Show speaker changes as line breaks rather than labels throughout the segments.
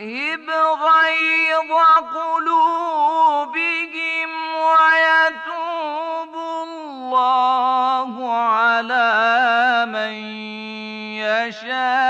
يذهب غيظ قلوبهم ويتوب الله على من يشاء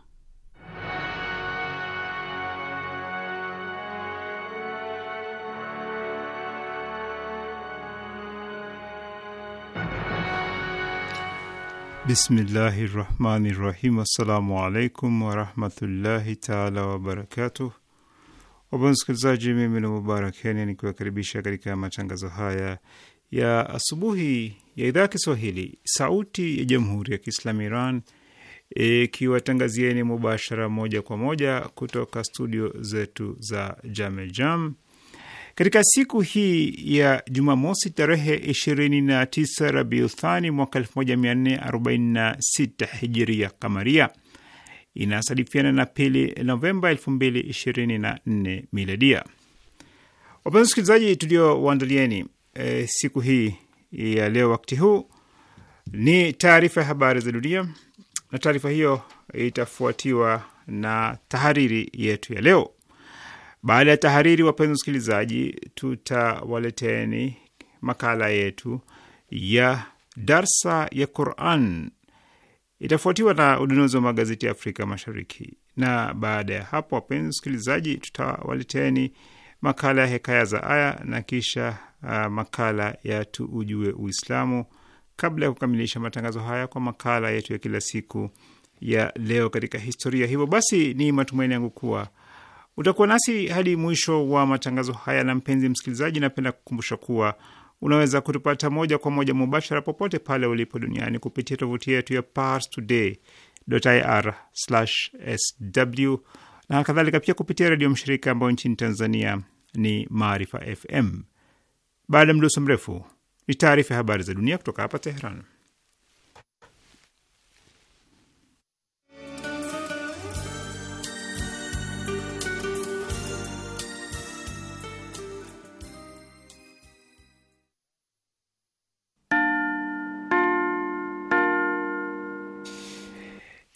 Bismillahi rahmani rahim. Assalamu alaikum warahmatullahi taala wabarakatuh. Wapenzi wasikilizaji, mimi ni Mubarak Kenya nikiwakaribisha katika matangazo haya ya asubuhi ya idhaa ya Kiswahili Sauti ya Jamhuri ya Kiislamu Iran ikiwatangazieni e, mubashara moja kwa moja kutoka studio zetu za Jamejam Jam katika siku hii ya Jumamosi tarehe 29 Rabiuthani mwaka 1446 hijiria kamaria inasadifiana na pili Novemba 2024 miladia. Wapenzi wasikilizaji, tuliowaandalieni e, siku hii ya leo wakati huu ni taarifa ya habari za dunia, na taarifa hiyo itafuatiwa na tahariri yetu ya leo. Baada ya tahariri, wapenzi wasikilizaji, tutawaleteni makala yetu ya darsa ya Quran, itafuatiwa na ununuzi wa magazeti ya Afrika Mashariki, na baada ya hapo, wapenzi wasikilizaji, tutawaleteni makala ya hekaya za aya na kisha uh, makala ya tuujue Uislamu, kabla ya kukamilisha matangazo haya kwa makala yetu ya kila siku ya leo katika historia. Hivyo basi, ni matumaini yangu kuwa Utakuwa nasi hadi mwisho wa matangazo haya, na mpenzi msikilizaji, napenda kukumbusha kuwa unaweza kutupata moja kwa moja mubashara popote pale ulipo duniani kupitia tovuti yetu ya parstoday.ir/sw na kadhalika, pia kupitia redio mshirika ambayo nchini Tanzania ni Maarifa FM. Baada ya mdoso mrefu ni taarifa ya habari za dunia kutoka hapa Teheran.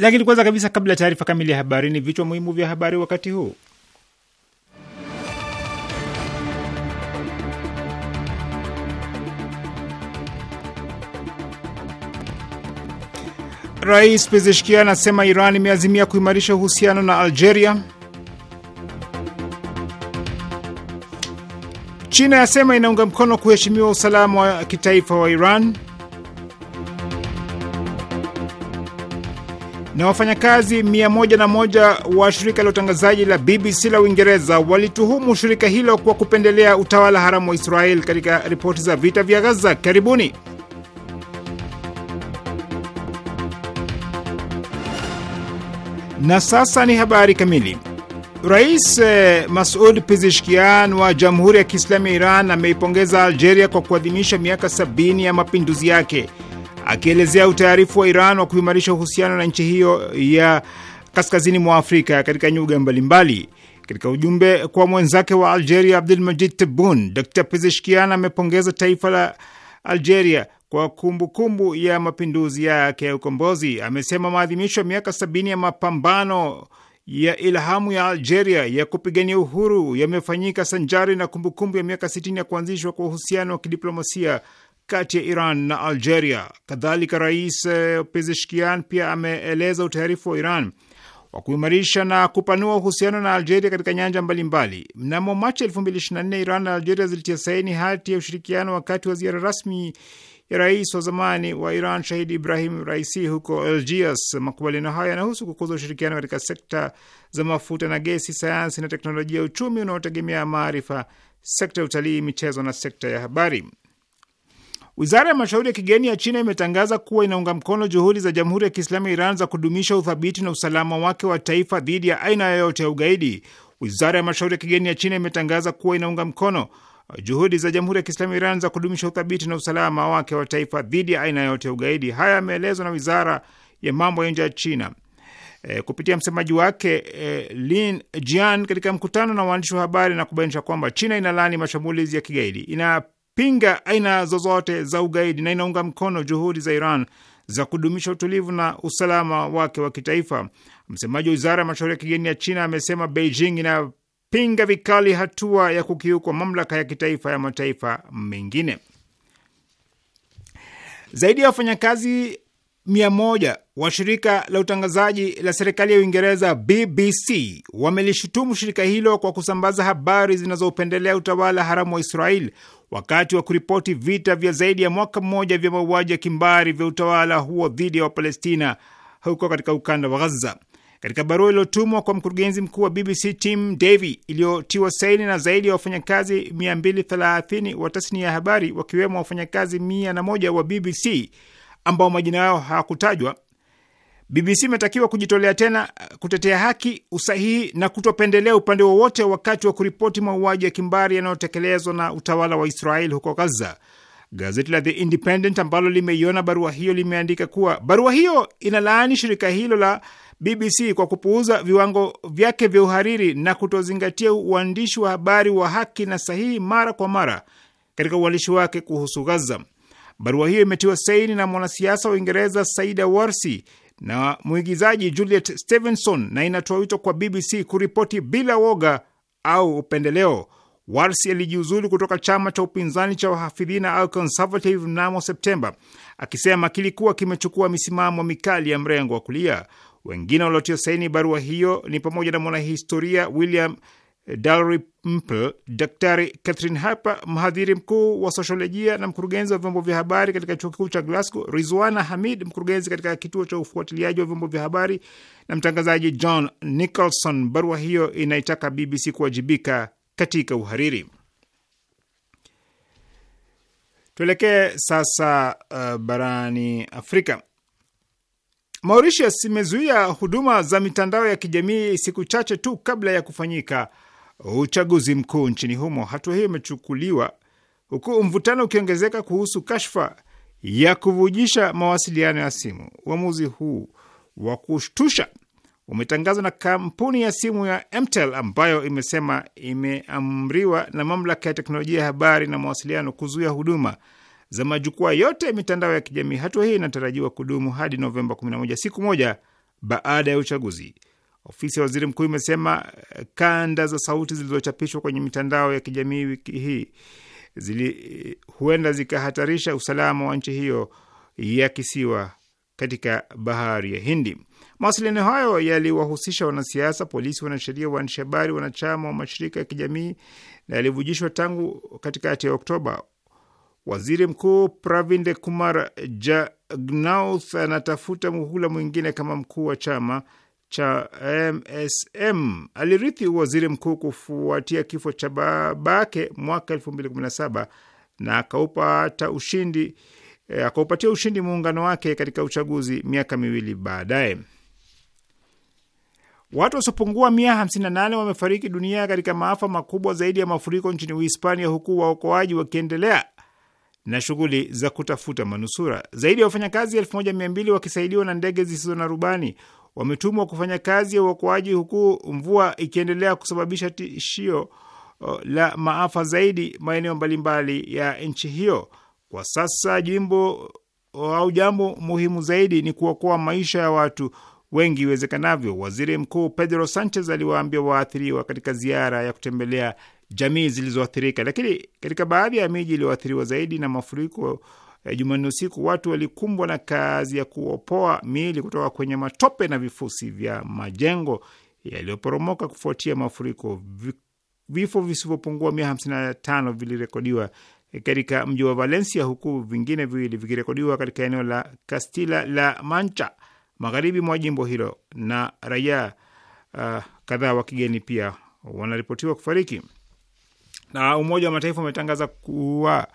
Lakini kwanza kabisa, kabla ya taarifa kamili ya habari, ni vichwa muhimu vya habari wakati huu. Rais Pezeshkian anasema Iran imeazimia kuimarisha uhusiano na Algeria. China yasema inaunga mkono kuheshimiwa usalama wa kitaifa wa Iran. na wafanyakazi 101 wa shirika la utangazaji la BBC la Uingereza walituhumu shirika hilo kwa kupendelea utawala haramu wa Israel katika ripoti za vita vya Gaza. Karibuni. Na sasa ni habari kamili. Rais eh, Masud Pezeshkian wa Jamhuri ya Kiislamu ya Iran ameipongeza Algeria kwa kuadhimisha miaka sabini ya mapinduzi yake akielezea utayarifu wa Iran wa kuimarisha uhusiano na nchi hiyo ya kaskazini mwa Afrika katika nyuga mbalimbali. Katika ujumbe kwa mwenzake wa Algeria majid Tebboune, Dr Pezeshkian amepongeza taifa la Algeria kwa kumbukumbu kumbu ya mapinduzi yake ya ukombozi. Amesema maadhimisho ya miaka sabini ya mapambano ya ilhamu ya Algeria ya kupigania uhuru yamefanyika sanjari na kumbukumbu kumbu ya miaka sitini ya kuanzishwa kwa uhusiano wa kidiplomasia kati ya Iran na Algeria. Kadhalika, Rais eh, Pezeshkian pia ameeleza utayarifu wa Iran wa kuimarisha na kupanua uhusiano na Algeria katika nyanja mbalimbali. Mnamo Machi 2024 Iran na Algeria zilitia saini hati ya ushirikiano wakati wa ziara rasmi ya rais wa zamani wa Iran shahid Ibrahim Raisi huko Algiers. Makubaliano hayo yanahusu kukuza ushirikiano katika sekta za mafuta na gesi, sayansi na teknolojia, uchumi unaotegemea maarifa, sekta ya utalii, michezo na sekta ya habari. Wizara ya mashauri ya kigeni ya China imetangaza kuwa inaunga mkono juhudi za Jamhuri ya Kiislamu ya Iran za kudumisha uthabiti na usalama wake wa taifa dhidi ya aina yoyote ya ugaidi. Wizara ya mashauri ya kigeni ya China imetangaza kuwa inaunga mkono uh, juhudi za Jamhuri ya Kiislamu ya Iran za kudumisha uthabiti na usalama wake wa taifa dhidi ya aina yoyote ya ugaidi. Haya yameelezwa na wizara ya mambo ya nje ya China e, kupitia msemaji wake e, Lin Jian katika mkutano na waandishi wa habari na kubainisha kwamba China inalaani mashambulizi ya kigaidi ina inapinga aina zozote za ugaidi na inaunga mkono juhudi za Iran za kudumisha utulivu na usalama wake wa kitaifa. Msemaji wa wizara ya mashauri ya kigeni ya China amesema Beijing inapinga vikali hatua ya kukiukwa mamlaka ya kitaifa ya mataifa mengine. Zaidi ya wafanyakazi mia moja wa shirika la utangazaji la serikali ya Uingereza BBC wamelishutumu shirika hilo kwa kusambaza habari zinazopendelea utawala haramu wa Israeli wakati wa kuripoti vita vya zaidi ya mwaka mmoja vya mauaji ya kimbari vya utawala huo dhidi ya Wapalestina huko katika ukanda wa Ghaza. Katika barua iliyotumwa kwa mkurugenzi mkuu wa BBC Tim davi iliyotiwa saini na zaidi ya wafanyakazi 230 wa tasnia ya habari wakiwemo wafanyakazi 101 wa BBC ambao majina yao hawakutajwa, BBC imetakiwa kujitolea tena uh, kutetea haki, usahihi na kutopendelea upande wowote wakati wa kuripoti mauaji ya kimbari yanayotekelezwa na utawala wa Israeli huko Gaza. Gazeti la The Independent ambalo limeiona barua hiyo limeandika kuwa barua hiyo inalaani shirika hilo la BBC kwa kupuuza viwango vyake vya uhariri na kutozingatia uandishi wa habari wa haki na sahihi mara kwa mara katika uandishi wake kuhusu Gaza. Barua hiyo imetiwa saini na mwanasiasa wa Uingereza Saida Warsi na mwigizaji Juliet Stevenson na inatoa wito kwa BBC kuripoti bila woga au upendeleo. wars alijiuzulu kutoka chama cha upinzani cha wahafidhina au Conservative mnamo Septemba, akisema kilikuwa kimechukua misimamo mikali ya mrengo wa kulia. Wengine waliotia saini barua hiyo ni pamoja na mwanahistoria William Dalrymple, Daktari Catherine Harper, mhadhiri mkuu wa sosiolojia na mkurugenzi wa vyombo vya habari katika chuo kikuu cha Glasgow, Rizwana Hamid, mkurugenzi katika kituo cha ufuatiliaji wa vyombo vya habari na mtangazaji John Nicholson. Barua hiyo inaitaka BBC kuwajibika katika uhariri. Tuelekee sasa uh, barani Afrika. Mauritius imezuia huduma za mitandao ya kijamii siku chache tu kabla ya kufanyika uchaguzi mkuu nchini humo. Hatua hiyo imechukuliwa huku mvutano ukiongezeka kuhusu kashfa ya kuvujisha mawasiliano ya simu. Uamuzi huu wa kushtusha umetangazwa na kampuni ya simu ya Mtel ambayo imesema imeamriwa na mamlaka ya teknolojia ya habari na mawasiliano kuzuia huduma za majukwaa yote ya mitandao ya kijamii. Hatua hii inatarajiwa kudumu hadi Novemba 11, siku moja baada ya uchaguzi. Ofisi ya waziri mkuu imesema eh, kanda za sauti zilizochapishwa kwenye mitandao ya kijamii wiki hii zili eh, huenda zikahatarisha usalama wa nchi hiyo ya kisiwa katika bahari ya Hindi. Mawasiliano hayo yaliwahusisha wanasiasa, polisi, wanasheria, waandishi habari, wanachama wa mashirika ya kijamii na yalivujishwa tangu katikati ya Oktoba. Waziri Mkuu Pravind Kumar Jagnauth anatafuta muhula mwingine kama mkuu wa chama cha MSM alirithi waziri mkuu kufuatia kifo cha babake mwaka 2017 na akaupata ushindi eh, akaupatia ushindi muungano wake katika uchaguzi miaka miwili baadaye. Watu wasiopungua 158 wamefariki dunia katika maafa makubwa zaidi ya mafuriko nchini Uhispania, huku waokoaji wakiendelea na shughuli za kutafuta manusura. Zaidi ya wafanyakazi 1200 wakisaidiwa na ndege zisizo na rubani wametumwa kufanya kazi ya uokoaji, huku mvua ikiendelea kusababisha tishio uh, la maafa zaidi maeneo mbalimbali ya nchi hiyo. Kwa sasa jimbo uh, au jambo muhimu zaidi ni kuokoa maisha ya watu wengi iwezekanavyo. Waziri Mkuu Pedro Sanchez aliwaambia waathiriwa katika ziara ya kutembelea jamii zilizoathirika. Lakini katika baadhi ya miji iliyoathiriwa zaidi na mafuriko Eh, Jumanne usiku watu walikumbwa na kazi ya kuopoa miili kutoka kwenye matope na vifusi vya majengo yaliyoporomoka kufuatia mafuriko. Vifo visivyopungua mia hamsini na tano vilirekodiwa eh, katika mji wa Valencia, huku vingine viwili vikirekodiwa katika eneo la Castilla la Mancha, magharibi mwa jimbo hilo, na raia uh, kadhaa wa kigeni pia wanaripotiwa kufariki. Na Umoja wa Mataifa umetangaza kuwa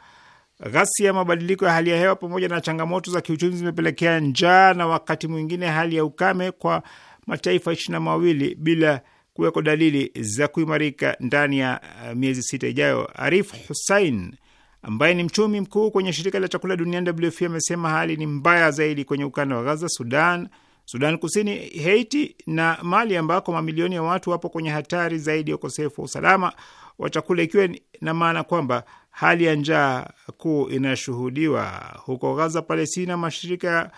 Ghasia ya mabadiliko ya hali ya hewa pamoja na changamoto za kiuchumi zimepelekea njaa na wakati mwingine hali ya ukame kwa mataifa ishirini na mawili bila kuweko dalili za kuimarika ndani ya eh, miezi sita ijayo. Arif Hussein ambaye ni mchumi mkuu kwenye shirika la chakula duniani WFP amesema hali ni mbaya zaidi kwenye ukanda wa Gaza, Sudan, Sudan Kusini, Haiti na Mali ambako mamilioni ya watu wapo kwenye hatari zaidi ya ukosefu wa usalama wa chakula, ikiwa na maana kwamba hali ya njaa kuu inashuhudiwa huko Gaza, Palestina. Mashirika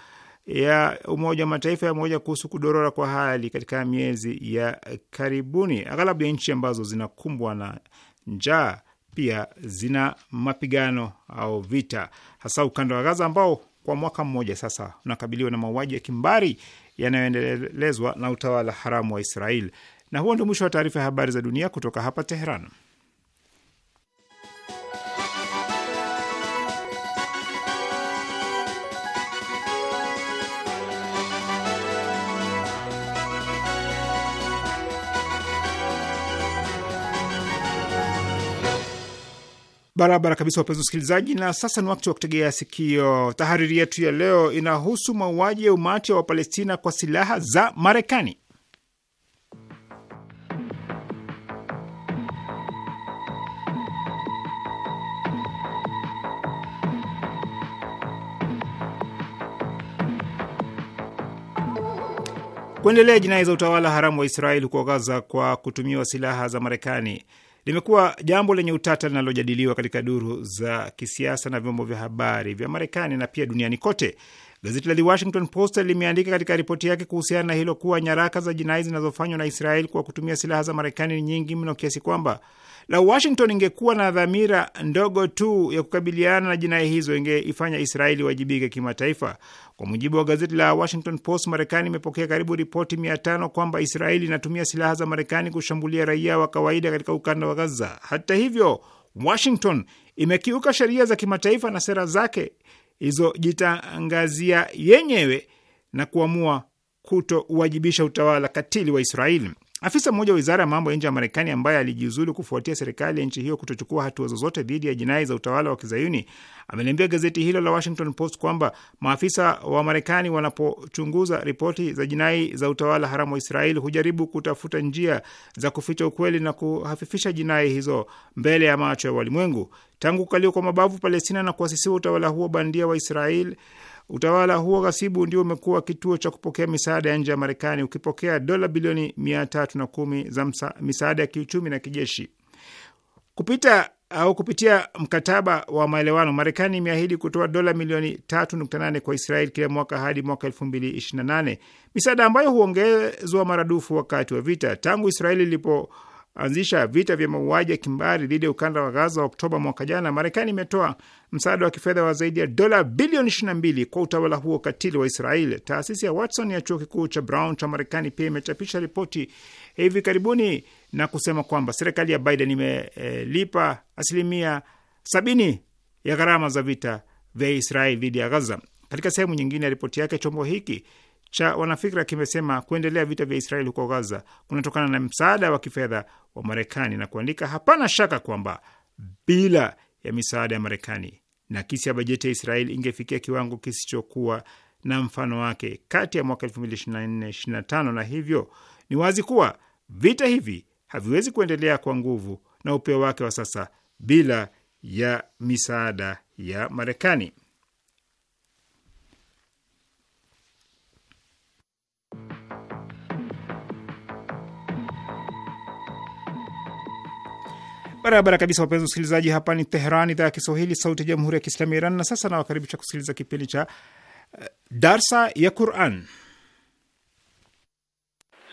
ya Umoja wa Mataifa yameonya kuhusu kudorora kwa hali katika miezi ya karibuni. Aghalabu ya nchi ambazo zinakumbwa na njaa pia zina mapigano au vita, hasa ukanda wa Gaza ambao kwa mwaka mmoja sasa unakabiliwa na mauaji ya kimbari yanayoendelezwa na utawala haramu wa israel Na huo ndio mwisho wa taarifa ya habari za dunia kutoka hapa Teheran. Barabara kabisa, wapenzi wasikilizaji, na sasa ni wakati wa kutegea sikio. Tahariri yetu ya leo inahusu mauaji ya umati wa Wapalestina kwa silaha za Marekani. Kuendelea jinai za utawala haramu wa Israeli huko Gaza kwa kutumiwa silaha za Marekani limekuwa jambo lenye utata linalojadiliwa katika duru za kisiasa na vyombo vya habari vya Marekani na pia duniani kote. Gazeti la The Washington Post limeandika katika ripoti yake kuhusiana na hilo kuwa nyaraka za jinai zinazofanywa na Israel kwa kutumia silaha za Marekani ni nyingi mno kiasi kwamba la Washington ingekuwa na dhamira ndogo tu ya kukabiliana na jinai hizo ingeifanya Israeli wajibike kimataifa. Kwa mujibu wa gazeti la Washington Post, Marekani imepokea karibu ripoti mia tano kwamba Israeli inatumia silaha za Marekani kushambulia raia wa kawaida katika ukanda wa Gaza. Hata hivyo, Washington imekiuka sheria za kimataifa na sera zake izojitangazia yenyewe na kuamua kutowajibisha utawala katili wa Israeli. Afisa mmoja wa wizara ya mambo ya nje ya Marekani ambaye alijiuzulu kufuatia serikali ya nchi hiyo kutochukua hatua zozote dhidi ya jinai za utawala wa kizayuni ameliambia gazeti hilo la Washington Post kwamba maafisa wa Marekani wanapochunguza ripoti za jinai za utawala haramu wa Israeli hujaribu kutafuta njia za kuficha ukweli na kuhafifisha jinai hizo mbele ya macho ya walimwengu. Tangu kukaliwa kwa mabavu Palestina na kuasisiwa utawala huo bandia wa Israeli Utawala huo ghasibu ndio umekuwa kituo cha kupokea misaada ya nje ya Marekani, ukipokea dola bilioni mia tatu na kumi za misaada ya kiuchumi na kijeshi kupita au kupitia mkataba wa maelewano Marekani imeahidi kutoa dola milioni 3.8 kwa Israel kila mwaka hadi mwaka 2028, misaada ambayo huongezwa maradufu wakati wa vita. Tangu Israeli ilipo anzisha vita vya mauaji ya kimbari dhidi ya ukanda wa Gaza Oktoba mwaka jana, Marekani imetoa msaada wa kifedha wa zaidi ya dola bilioni 22 kwa utawala huo katili wa israel Taasisi ya Watson ya chuo kikuu cha Brown cha Marekani pia imechapisha ripoti hivi karibuni na kusema kwamba serikali ya Biden imelipa eh, asilimia sabini ya gharama za vita vya Israel dhidi ya Gaza. Katika sehemu nyingine ya ripoti yake, chombo hiki cha wanafikra kimesema kuendelea vita vya Israeli huko Gaza kunatokana na msaada wa kifedha wa Marekani na kuandika, hapana shaka kwamba bila ya misaada ya Marekani na kisi ya bajeti ya Israeli ingefikia kiwango kisichokuwa na mfano wake kati ya mwaka 2024/25 na hivyo ni wazi kuwa vita hivi haviwezi kuendelea kwa nguvu na upeo wake wa sasa bila ya misaada ya Marekani. Barabara kabisa, wapenzi wasikilizaji, hapa ni teheran idhaa ya Kiswahili, sauti ya jamhuri ya kiislamu ya Iran. Na sasa nawakaribisha kusikiliza kipindi cha uh, darsa ya Quran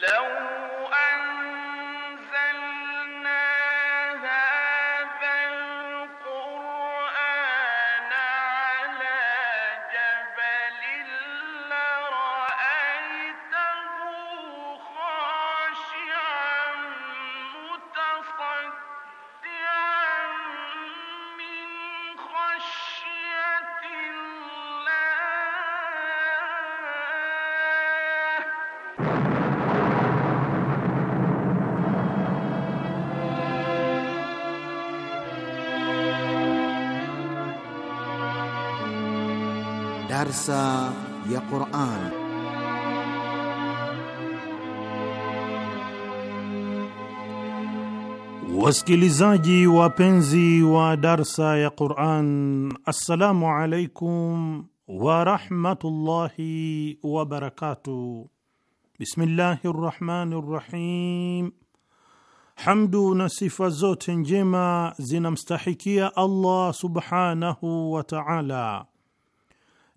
Leo.
darsa ya Qur'an.
Wasikilizaji wapenzi wa darsa ya Qur'an, assalamu alaikum warahmatullahi wabarakatuh wa barakatuh. Bismillahi rahmani rahim. Hamdu na sifa zote njema zinamstahikia Allah subhanahu wa ta'ala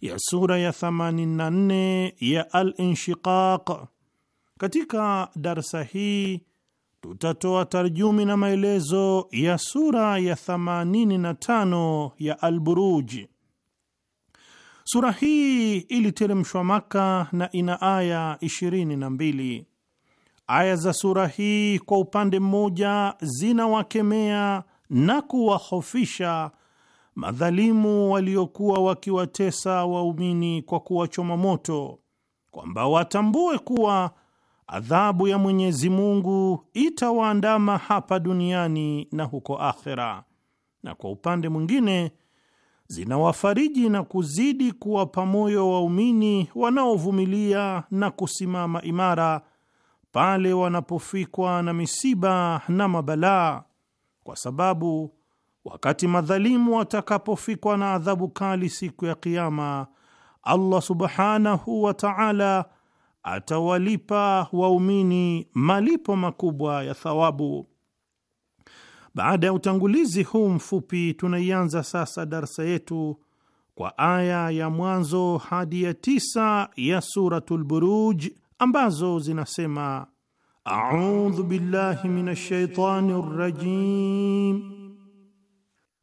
ya sura ya 84 ya Al-Inshiqaq. Katika darsa hii tutatoa tarjumi na maelezo ya sura ya 85 ya Al-Buruj. Sura hii iliteremshwa Maka na ina aya 22. Aya za sura hii kwa upande mmoja zinawakemea na kuwahofisha madhalimu waliokuwa wakiwatesa waumini kwa kuwachoma moto, kwamba watambue kuwa adhabu ya Mwenyezi Mungu itawaandama hapa duniani na huko akhera, na kwa upande mwingine zinawafariji na kuzidi kuwapa moyo waumini wanaovumilia na kusimama imara pale wanapofikwa na misiba na mabalaa, kwa sababu Wakati madhalimu watakapofikwa na adhabu kali siku ya Kiama, Allah subhanahu wa taala atawalipa waumini malipo makubwa ya thawabu. Baada ya utangulizi huu mfupi, tunaianza sasa darsa yetu kwa aya ya mwanzo hadi ya tisa ya Suratul Buruj ambazo zinasema: audhu billahi minash
shaitani rajim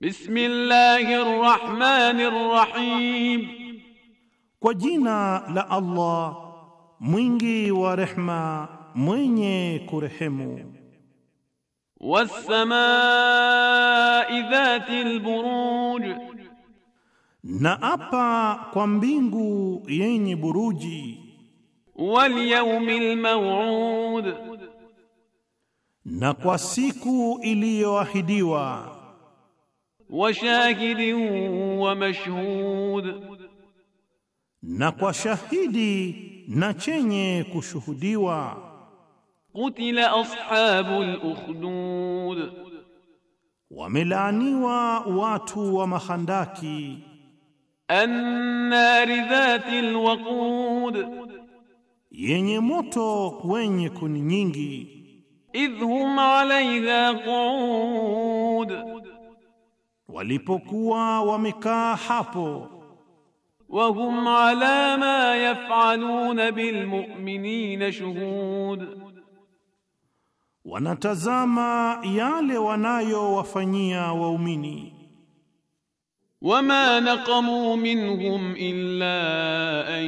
Bismillahir Rahmanir Rahim, kwa jina la Allah
mwingi wa rehma mwenye kurehemu.
Wassamai dhatil buruj,
na apa kwa mbingu yenye buruji.
Wal yawmil maw'ud,
na kwa siku iliyoahidiwa
wa shahidin wa mashhud,
na kwa shahidi na chenye kushuhudiwa.
Qutila ashabul ukhdud,
wamelaaniwa watu wa mahandaki.
Annari dhatil waqud, yenye moto wenye kuni nyingi. Idhum alaiha qu'ud walipokuwa wamekaa hapo. wa hum ala ma yafaluna bil mu'minina shuhud,
wanatazama
yale wanayowafanyia waumini. wama naqamu minhum illa an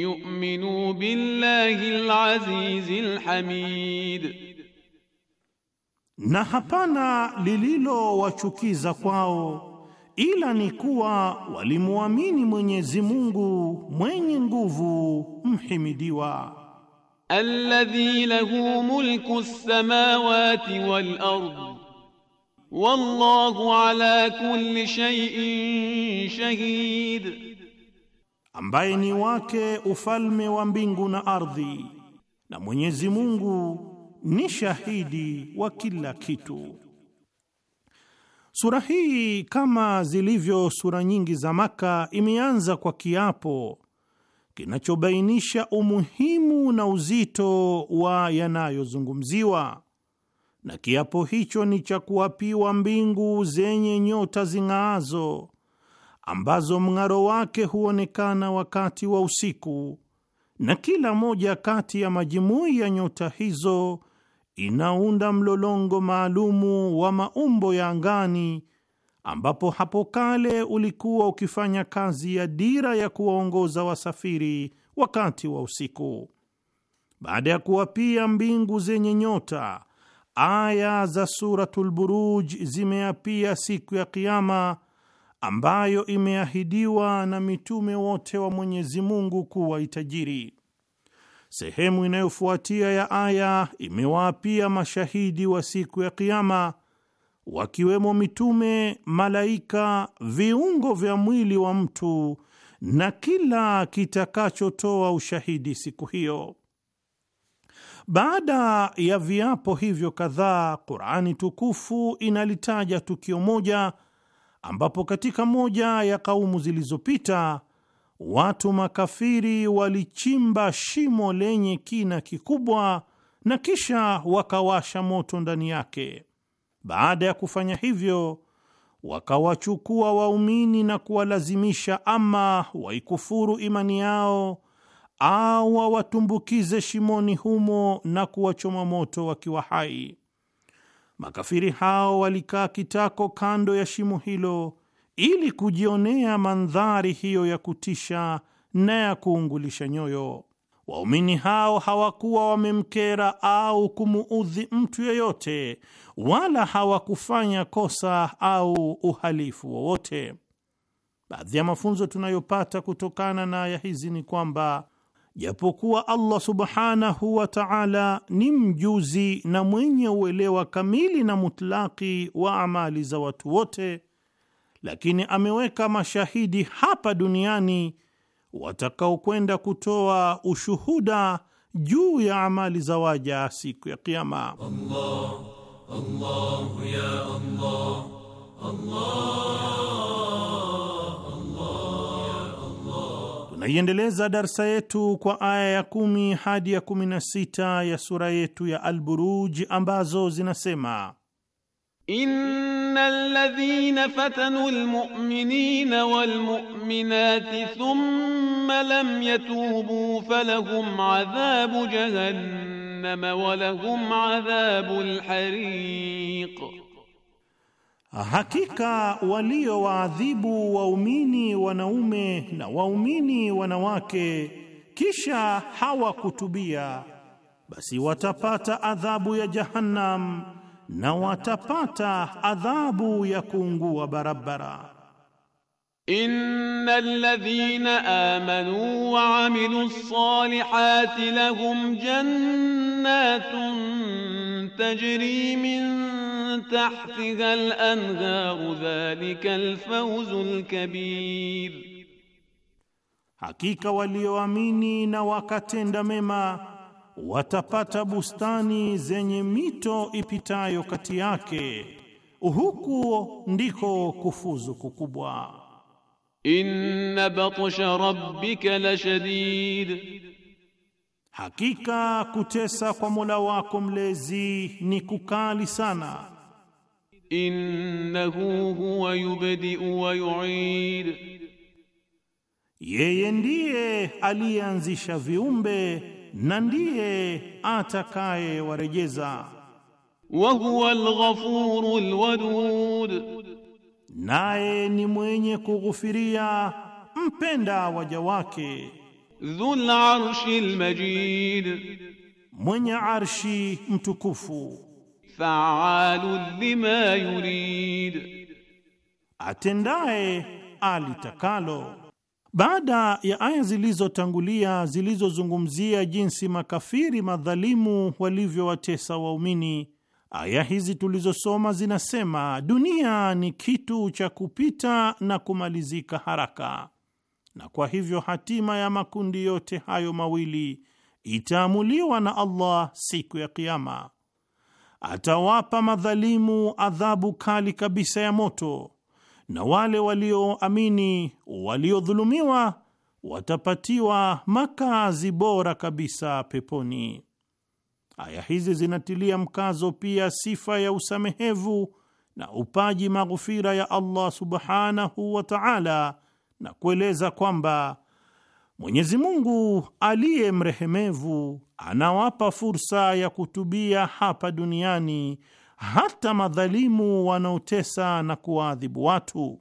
yu'minu billahi al-azizil hamid
na hapana lililowachukiza kwao ila ni kuwa walimwamini Mwenyezi Mungu mwenye nguvu
mhimidiwa. Alladhi lahu mulku samawati wal ard wallahu ala kulli shay'in shahid, ambaye ni wake ufalme
wa mbingu na ardhi, na Mwenyezi Mungu ni shahidi wa kila kitu. Sura hii kama zilivyo sura nyingi za Maka imeanza kwa kiapo kinachobainisha umuhimu na uzito wa yanayozungumziwa, na kiapo hicho ni cha kuapiwa mbingu zenye nyota zing'aazo ambazo mng'aro wake huonekana wakati wa usiku, na kila moja kati ya majimui ya nyota hizo inaunda mlolongo maalumu wa maumbo ya angani ambapo hapo kale ulikuwa ukifanya kazi ya dira ya kuwaongoza wasafiri wakati wa usiku. Baada ya kuwapia mbingu zenye nyota, aya za Suratul Buruj zimeapia siku ya Kiama ambayo imeahidiwa na mitume wote wa Mwenyezi Mungu kuwa itajiri. Sehemu inayofuatia ya aya imewaapia mashahidi wa siku ya Kiama, wakiwemo mitume, malaika, viungo vya mwili wa mtu na kila kitakachotoa ushahidi siku hiyo. Baada ya viapo hivyo kadhaa, Qur'ani tukufu inalitaja tukio moja ambapo katika moja ya kaumu zilizopita watu makafiri walichimba shimo lenye kina kikubwa na kisha wakawasha moto ndani yake. Baada ya kufanya hivyo, wakawachukua waumini na kuwalazimisha ama waikufuru imani yao au wawatumbukize shimoni humo na kuwachoma moto wakiwa hai. Makafiri hao walikaa kitako kando ya shimo hilo ili kujionea mandhari hiyo ya kutisha na ya kuungulisha nyoyo. Waumini hao hawakuwa wamemkera au kumuudhi mtu yeyote, wala hawakufanya kosa au uhalifu wowote. Baadhi ya mafunzo tunayopata kutokana na aya hizi ni kwamba japokuwa Allah subhanahu wa ta'ala ni mjuzi na mwenye uelewa kamili na mutlaki wa amali za watu wote lakini ameweka mashahidi hapa duniani watakaokwenda kutoa ushuhuda juu ya amali za waja siku ya Kiama.
Allah, Allah, ya Allah, Allah, Allah,
ya Allah. Tunaiendeleza darsa yetu kwa aya ya kumi hadi ya kumi na sita ya sura yetu ya al ambazo zinasema
Innal ladhina fatanu almu'minina walmu'minati thumma lam yatubu falahum adhabu jahannam walahum adhabul hariq,
hakika waliowaadhibu waumini wanaume na waumini wanawake kisha hawakutubia, basi watapata adhabu ya Jahannam na watapata adhabu ya kuungua barabara.
Innal ladhina amanu wa amilu ssalihati lahum jannatun tajri min tahtiha al-anharu dhalika al-fawzul kabir, hakika walioamini na
wakatenda mema watapata bustani zenye mito ipitayo kati yake, huku ndiko kufuzu kukubwa.
Inna batsha rabbika lashadid,
hakika kutesa kwa Mola wako mlezi ni kukali sana. Innahu huwa yubdiu wa
yuid,
yeye ndiye aliyeanzisha viumbe na ndiye warejeza. Wa huwa al-ghafuru al-wadud, naye ni mwenye kughufiria mpenda waja wake. Dhul arshi al-majid, mwenye arshi mtukufu.
Faalu lima yurid,
atendaye alitakalo. Baada ya aya zilizotangulia zilizozungumzia jinsi makafiri madhalimu walivyowatesa waumini, aya hizi tulizosoma zinasema dunia ni kitu cha kupita na kumalizika haraka, na kwa hivyo hatima ya makundi yote hayo mawili itaamuliwa na Allah siku ya kiama Atawapa madhalimu adhabu kali kabisa ya moto na wale walioamini waliodhulumiwa watapatiwa makazi bora kabisa peponi. Aya hizi zinatilia mkazo pia sifa ya usamehevu na upaji maghufira ya Allah subhanahu wa ta'ala, na kueleza kwamba Mwenyezi Mungu aliye mrehemevu anawapa fursa ya kutubia hapa duniani hata madhalimu wanaotesa na kuwaadhibu watu,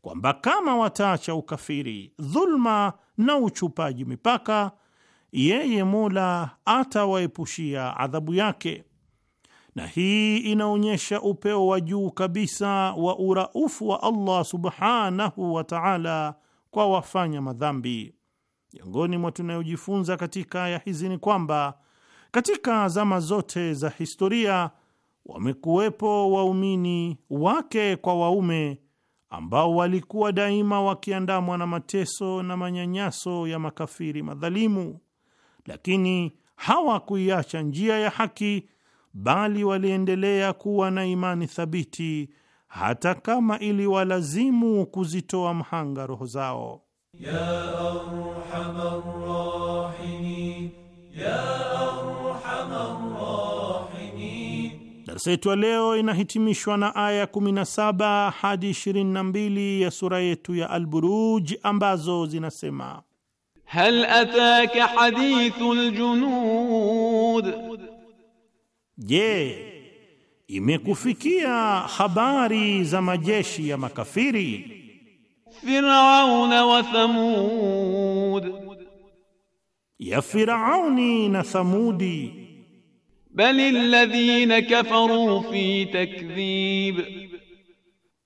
kwamba kama wataacha ukafiri, dhulma na uchupaji mipaka, yeye Mola atawaepushia adhabu yake. Na hii inaonyesha upeo wa juu kabisa wa uraufu wa Allah subhanahu wa ta'ala kwa wafanya madhambi. Miongoni mwa tunayojifunza katika aya hizi ni kwamba katika zama zote za historia wamekuwepo waumini wake kwa waume ambao walikuwa daima wakiandamwa na mateso na manyanyaso ya makafiri madhalimu, lakini hawakuiacha njia ya haki, bali waliendelea kuwa na imani thabiti hata kama iliwalazimu kuzitoa mhanga roho zao ya Darsa yetu ya leo inahitimishwa na aya 17 hadi 22 ya sura yetu ya Al-Buruj ambazo zinasema: hal ataka hadithul junud, je, imekufikia habari za majeshi ya makafiri.
Firauna wa Thamud, ya Firauni na Thamudi bali alladhina kafaru fi takdhib,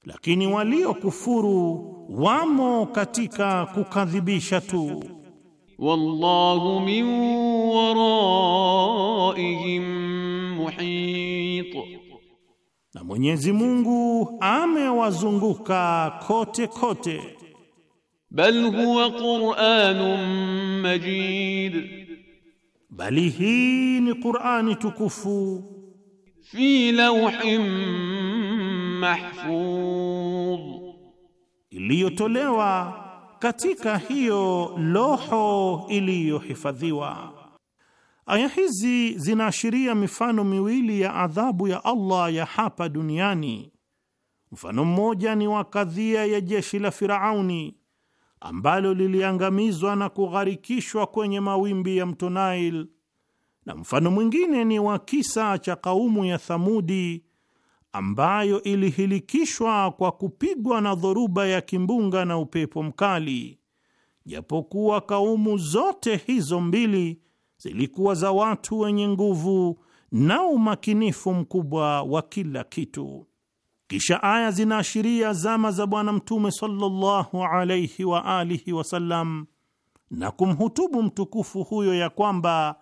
lakini waliokufuru wamo katika kukadhibisha tu.
Wallahu min waraihim muhit,
na Mwenyezi Mungu amewazunguka kote kote.
Bal huwa Qur'anun majid bali hii ni Qur'ani tukufu. Fi
lawhin mahfuz, iliyotolewa katika hiyo loho iliyohifadhiwa. Aya hizi zinaashiria mifano miwili ya adhabu ya Allah ya hapa duniani. Mfano mmoja ni wa kadhia ya jeshi la Firauni ambalo liliangamizwa na kugharikishwa kwenye mawimbi ya mto Nile, na mfano mwingine ni wa kisa cha kaumu ya Thamudi ambayo ilihilikishwa kwa kupigwa na dhoruba ya kimbunga na upepo mkali, japokuwa kaumu zote hizo mbili zilikuwa za watu wenye nguvu na umakinifu mkubwa wa kila kitu. Kisha aya zinaashiria zama za Bwana Mtume sallallahu alaihi wa alihi wasallam na kumhutubu mtukufu huyo ya kwamba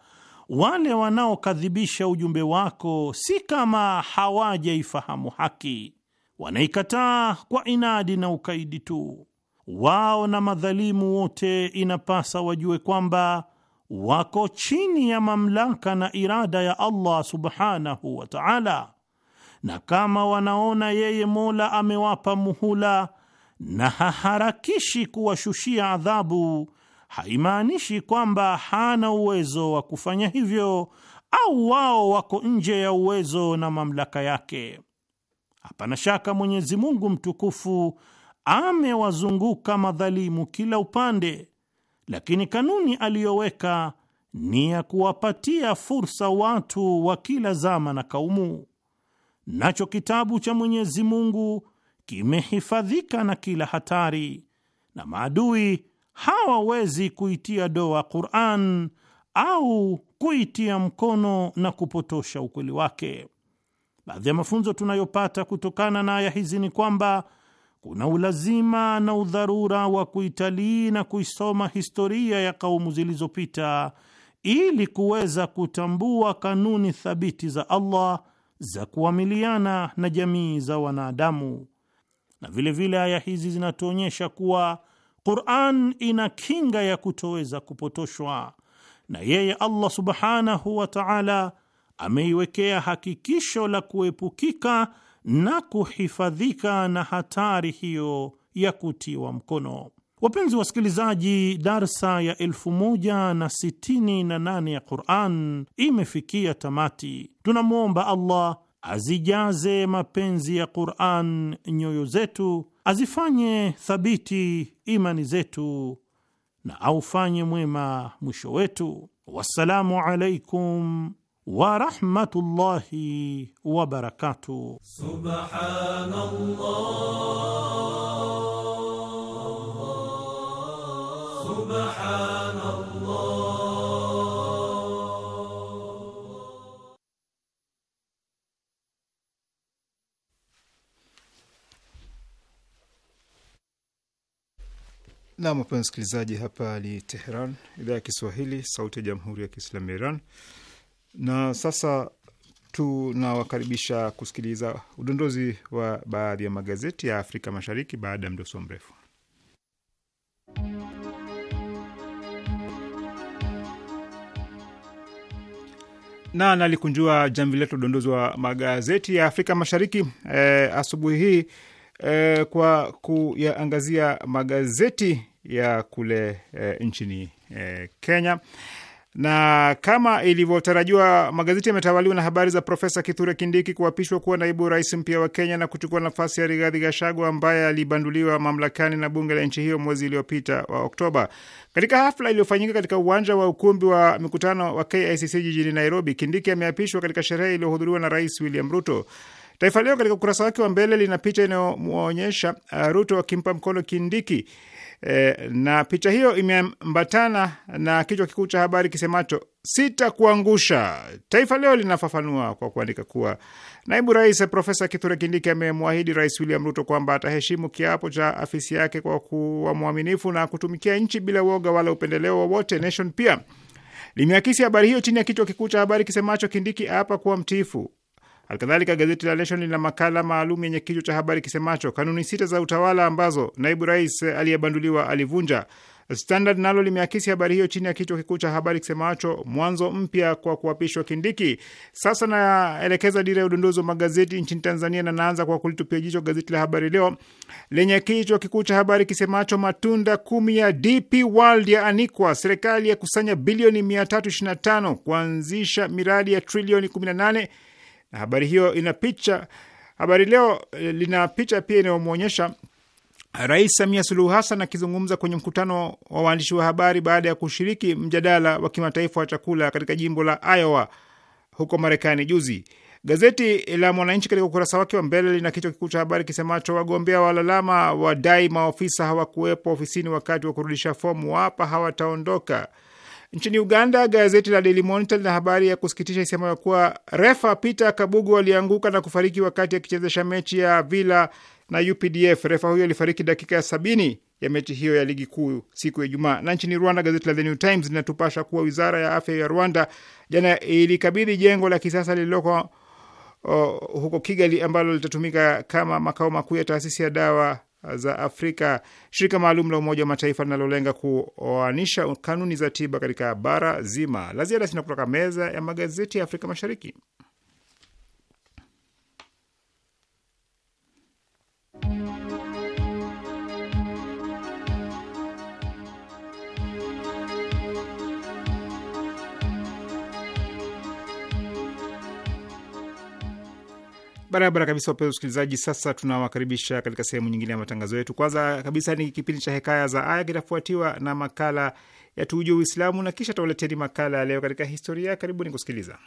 wale wanaokadhibisha ujumbe wako si kama hawajaifahamu haki, wanaikataa kwa inadi na ukaidi tu. Wao na madhalimu wote inapasa wajue kwamba wako chini ya mamlaka na irada ya Allah subhanahu wa ta'ala na kama wanaona yeye Mola amewapa muhula na haharakishi kuwashushia adhabu, haimaanishi kwamba hana uwezo wa kufanya hivyo au wao wako nje ya uwezo na mamlaka yake. Hapana shaka Mwenyezi Mungu mtukufu amewazunguka madhalimu kila upande, lakini kanuni aliyoweka ni ya kuwapatia fursa watu wa kila zama na kaumu nacho kitabu cha Mwenyezi Mungu kimehifadhika na kila hatari, na maadui hawawezi kuitia doa Qur'an au kuitia mkono na kupotosha ukweli wake. Baadhi ya mafunzo tunayopata kutokana na aya hizi ni kwamba kuna ulazima na udharura wa kuitalii na kuisoma historia ya kaumu zilizopita ili kuweza kutambua kanuni thabiti za Allah za kuamiliana na jamii za wanadamu. Na vilevile aya hizi zinatuonyesha kuwa Qur'an ina kinga ya kutoweza kupotoshwa, na yeye Allah Subhanahu wa Ta'ala ameiwekea hakikisho la kuepukika na kuhifadhika na hatari hiyo ya kutiwa mkono. Wapenzi wasikilizaji, darsa ya elfu na na ya Quran imefikia tamati. Tunamwomba Allah azijaze mapenzi ya Quran nyoyo zetu, azifanye thabiti imani zetu na aufanye mwema mwisho wetu. Wassalamu alaikum warahmatullahi wabarakatuh.
Subhanallah.
Nam, wapenzi msikilizaji, hapa ni Teheran, idhaa ya Kiswahili, sauti ya jamhuri ya kiislamu ya Iran. Na sasa tunawakaribisha kusikiliza udondozi wa baadhi ya magazeti ya Afrika Mashariki baada ya mdoso mrefu. na nalikunjua jamvi letu udondozi wa magazeti ya Afrika Mashariki eh, asubuhi hii eh, kwa kuyaangazia magazeti ya kule eh, nchini eh, Kenya na kama ilivyotarajiwa magazeti yametawaliwa na habari za Profesa Kithure Kindiki kuapishwa kuwa naibu rais mpya wa Kenya na kuchukua nafasi ya Rigathi Gachagua ambaye alibanduliwa mamlakani na bunge la nchi hiyo mwezi uliopita wa Oktoba. Katika hafla iliyofanyika katika uwanja wa ukumbi wa mikutano wa KICC jijini Nairobi, Kindiki ameapishwa katika sherehe iliyohudhuriwa na Rais William Ruto. Taifa Leo katika ukurasa wake wa mbele lina picha inayomwonyesha uh, Ruto akimpa mkono Kindiki e, na picha hiyo imeambatana na kichwa kikuu cha habari kisemacho sitakuangusha. Taifa Leo linafafanua kwa kuandika kuwa naibu rais Profesa Kithure Kindiki amemwahidi Rais William Ruto kwamba ataheshimu kiapo cha afisi yake kwa kuwa mwaminifu na kutumikia nchi bila uoga wala upendeleo wowote. Nation pia limeakisi habari hiyo chini ya kichwa kikuu cha habari kisemacho Kindiki aapa kuwa mtiifu Alkadhalika, gazeti la Nation lina makala maalum yenye kichwa cha habari kisemacho kanuni sita za utawala ambazo naibu rais aliyebanduliwa alivunja. Standard nalo limeakisi habari hiyo chini ya kichwa kikuu cha habari kisemacho mwanzo mpya kwa kuapishwa Kindiki. Sasa naelekeza dira ya udondozi wa magazeti nchini Tanzania na naanza kwa kulitupia jicho gazeti la Habari Leo lenye kichwa kikuu cha habari kisemacho matunda kumi ya DP World yaanikwa, serikali ya kusanya bilioni 325 kuanzisha miradi ya trilioni 18 na habari hiyo ina picha. Habari Leo eh, lina picha pia inayomwonyesha Rais Samia Suluhu Hassan akizungumza kwenye mkutano wa waandishi wa habari baada ya kushiriki mjadala wa kimataifa wa chakula katika jimbo la Iowa huko Marekani juzi. Gazeti la Mwananchi katika ukurasa wake wa mbele lina kichwa kikuu cha habari kisemacho wagombea walalama wadai maofisa hawakuwepo ofisini wakati wa kurudisha fomu, wapa hawataondoka. Nchini Uganda, gazeti la Daily Monitor lina habari ya kusikitisha isemayo kuwa refa Peter Kabugu alianguka na kufariki wakati akichezesha mechi ya Villa na UPDF. Refa huyo alifariki dakika ya sabini ya mechi hiyo ya ligi kuu siku ya Ijumaa. Na nchini Rwanda, gazeti la The New Times linatupasha kuwa wizara ya afya ya Rwanda jana ilikabidhi jengo la kisasa lililoko uh, huko Kigali ambalo litatumika kama makao makuu ya taasisi ya dawa za Afrika, shirika maalum la Umoja wa Mataifa linalolenga kuoanisha kanuni za tiba katika bara zima. La ziada sina kutoka meza ya magazeti ya Afrika Mashariki. Barabara kabisa, wapenzi wasikilizaji, sasa tunawakaribisha katika sehemu nyingine ya matangazo yetu. Kwanza kabisa ni kipindi cha Hekaya za Aya, kitafuatiwa na makala ya Tuujue Uislamu na kisha tawaleteni makala ya Leo katika Historia. Karibuni kusikiliza.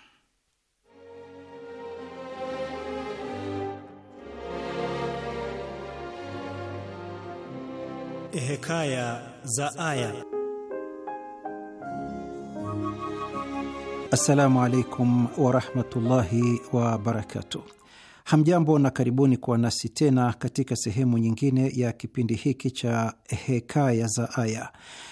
Hekaya za Aya.
Assalamu alaikum warahmatullahi wabarakatuh. Hamjambo na karibuni kuwa nasi tena katika sehemu nyingine ya kipindi hiki cha Hekaya za Aya.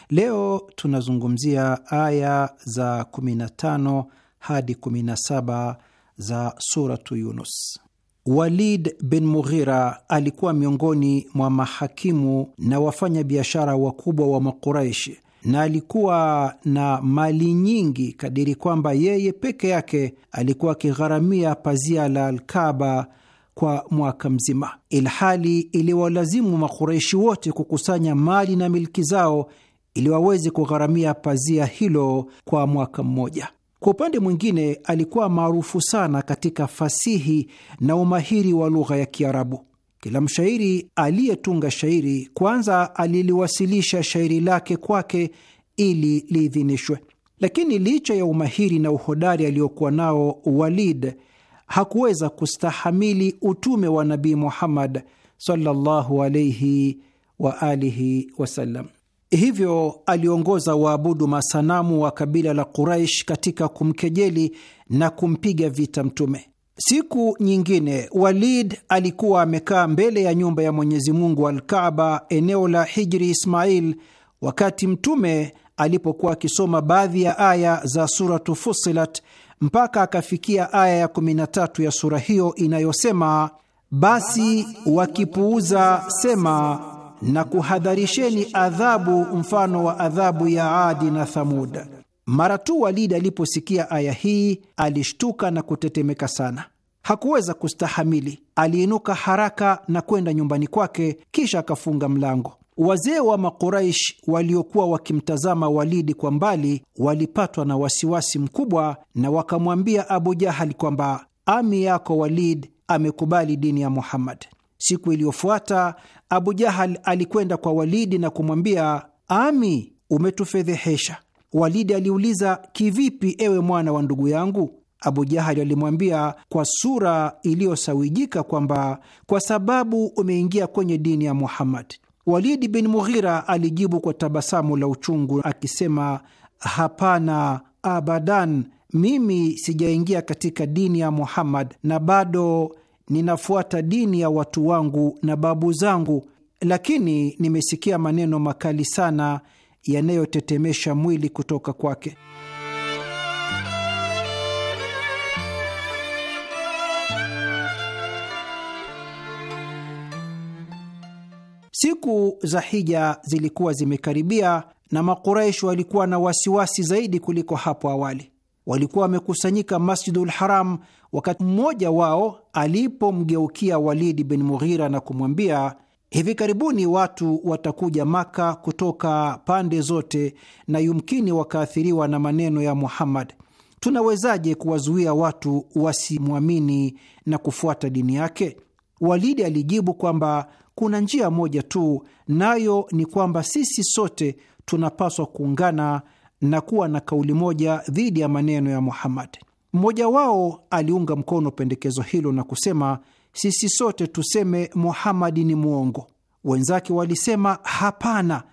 Leo tunazungumzia aya za 15 hadi 17 za Suratu Yunus. Walid bin Mughira alikuwa miongoni mwa mahakimu na wafanya biashara wakubwa wa Makuraishi na alikuwa na mali nyingi kadiri kwamba yeye peke yake alikuwa akigharamia pazia la Alkaba kwa mwaka mzima, ilhali iliwalazimu Makureishi wote kukusanya mali na milki zao ili waweze kugharamia pazia hilo kwa mwaka mmoja. Kwa upande mwingine, alikuwa maarufu sana katika fasihi na umahiri wa lugha ya Kiarabu. Kila mshairi aliyetunga shairi kwanza aliliwasilisha shairi lake kwake ili liidhinishwe, lakini licha ya umahiri na uhodari aliokuwa nao Walid hakuweza kustahamili utume wa Nabii Muhammad sallallahu alaihi wa alihi wasallam. Hivyo aliongoza waabudu masanamu wa kabila la Quraish katika kumkejeli na kumpiga vita Mtume. Siku nyingine Walid alikuwa amekaa mbele ya nyumba ya Mwenyezi Mungu Alkaaba, eneo la Hijri Ismail, wakati Mtume alipokuwa akisoma baadhi ya aya za Suratu Fusilat mpaka akafikia aya ya 13 ya sura hiyo inayosema: basi wakipuuza sema na kuhadharisheni adhabu mfano wa adhabu ya Adi na Thamud mara tu Walidi aliposikia aya hii alishtuka na kutetemeka sana. Hakuweza kustahamili, aliinuka haraka na kwenda nyumbani kwake, kisha akafunga mlango. Wazee wa Makuraish waliokuwa wakimtazama Walidi kwa mbali walipatwa na wasiwasi mkubwa na wakamwambia Abu Jahali kwamba ami yako Walid amekubali dini ya Muhammad. Siku iliyofuata Abu Jahal alikwenda kwa Walidi na kumwambia, ami, umetufedhehesha Walidi aliuliza, kivipi ewe mwana wa ndugu yangu? Abu Jahali alimwambia kwa sura iliyosawijika kwamba kwa sababu umeingia kwenye dini ya Muhammad. Walidi bin Mughira alijibu kwa tabasamu la uchungu akisema, hapana, abadan, mimi sijaingia katika dini ya Muhammad na bado ninafuata dini ya watu wangu na babu zangu, lakini nimesikia maneno makali sana yanayotetemesha mwili kutoka kwake. Siku za hija zilikuwa zimekaribia na Makuraishi walikuwa na wasiwasi zaidi kuliko hapo awali. Walikuwa wamekusanyika Masjidul Haram wakati mmoja wao alipomgeukia Walidi bin Mughira na kumwambia Hivi karibuni watu watakuja Maka kutoka pande zote na yumkini wakaathiriwa na maneno ya Muhammad. Tunawezaje kuwazuia watu wasimwamini na kufuata dini yake? Walidi alijibu kwamba kuna njia moja tu, nayo ni kwamba sisi sote tunapaswa kuungana na kuwa na kauli moja dhidi ya maneno ya Muhammad. Mmoja wao aliunga mkono pendekezo hilo na kusema sisi sote tuseme Muhamadi ni mwongo. Wenzake walisema hapana,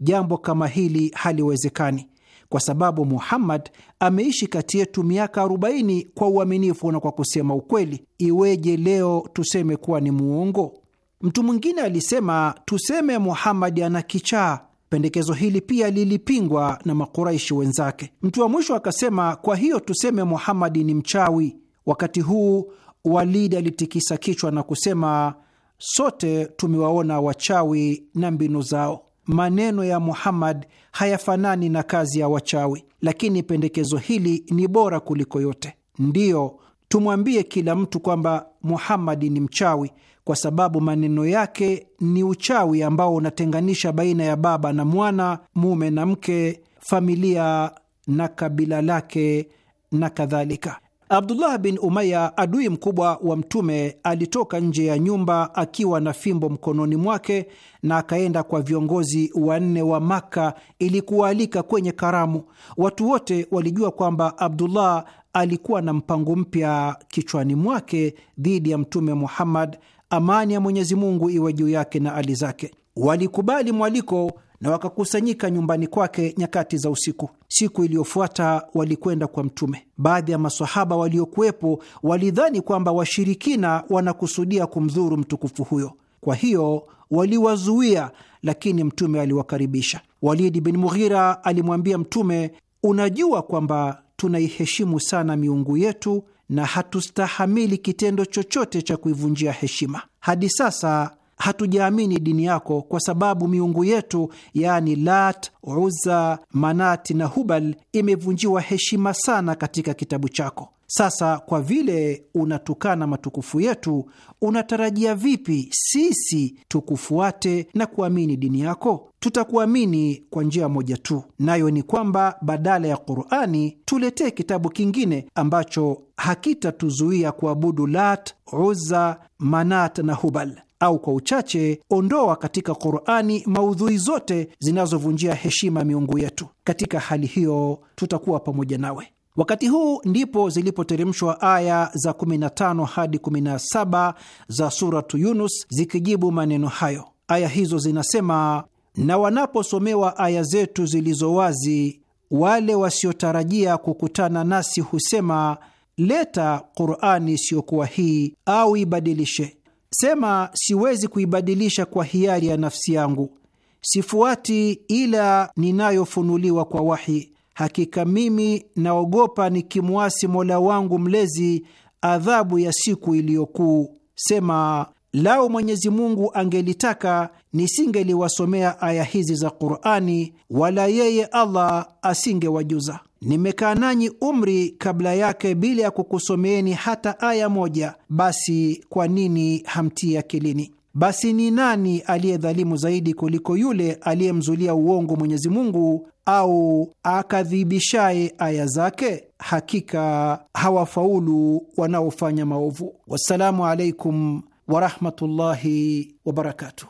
jambo kama hili haliwezekani, kwa sababu Muhammad ameishi kati yetu miaka 40 kwa uaminifu na kwa kusema ukweli. Iweje leo tuseme kuwa ni mwongo? Mtu mwingine alisema tuseme Muhamadi ana kichaa. Pendekezo hili pia lilipingwa na Makuraishi wenzake. Mtu wa mwisho akasema, kwa hiyo tuseme Muhamadi ni mchawi. Wakati huu Walidi alitikisa kichwa na kusema, sote tumewaona wachawi na mbinu zao. Maneno ya Muhammad hayafanani na kazi ya wachawi, lakini pendekezo hili ni bora kuliko yote. Ndiyo, tumwambie kila mtu kwamba muhamadi ni mchawi, kwa sababu maneno yake ni uchawi ambao unatenganisha baina ya baba na mwana, mume na mke, familia na kabila lake na kadhalika. Abdullah bin Umaya, adui mkubwa wa Mtume, alitoka nje ya nyumba akiwa na fimbo mkononi mwake na akaenda kwa viongozi wanne wa Makka ili kuwaalika kwenye karamu. Watu wote walijua kwamba Abdullah alikuwa na mpango mpya kichwani mwake dhidi ya Mtume Muhammad, amani ya Mwenyezi Mungu iwe juu yake na ali zake. Walikubali mwaliko na wakakusanyika nyumbani kwake nyakati za usiku. Siku iliyofuata walikwenda kwa Mtume. Baadhi ya masahaba waliokuwepo walidhani kwamba washirikina wanakusudia kumdhuru mtukufu huyo, kwa hiyo waliwazuia, lakini Mtume aliwakaribisha. Walidi bin Mughira alimwambia Mtume, unajua kwamba tunaiheshimu sana miungu yetu na hatustahamili kitendo chochote cha kuivunjia heshima. Hadi sasa hatujaamini dini yako kwa sababu miungu yetu yaani Lat, Uzza, Manati na Hubal imevunjiwa heshima sana katika kitabu chako. Sasa kwa vile unatukana matukufu yetu, unatarajia vipi sisi tukufuate na kuamini dini yako? Tutakuamini kwa njia moja tu, nayo ni kwamba badala ya Qur'ani tuletee kitabu kingine ambacho hakitatuzuia kuabudu Lat, Uzza, Manat na Hubal au kwa uchache ondoa katika Qur'ani maudhui zote zinazovunjia heshima miungu yetu. Katika hali hiyo tutakuwa pamoja nawe. Wakati huu ndipo zilipoteremshwa aya za 15 hadi 17 za suratu Yunus zikijibu maneno hayo. Aya hizo zinasema: na wanaposomewa aya zetu zilizo wazi, wale wasiotarajia kukutana nasi husema, leta Qur'ani isiyokuwa hii au ibadilishe Sema, siwezi kuibadilisha kwa hiari ya nafsi yangu, sifuati ila ninayofunuliwa kwa wahi. Hakika mimi naogopa nikimwasi Mola wangu Mlezi, adhabu ya siku iliyokuu. Sema, lau Mwenyezi Mungu angelitaka nisingeliwasomea aya hizi za Qur'ani, wala yeye Allah asingewajuza. Nimekaa nanyi umri kabla yake bila ya kukusomeeni hata aya moja, basi kwa nini hamtii akilini? Basi ni nani aliyedhalimu zaidi kuliko yule aliyemzulia uongo Mwenyezi Mungu au akadhibishaye aya zake? Hakika hawafaulu wanaofanya maovu. Wassalamu alaikum warahmatullahi wabarakatuh.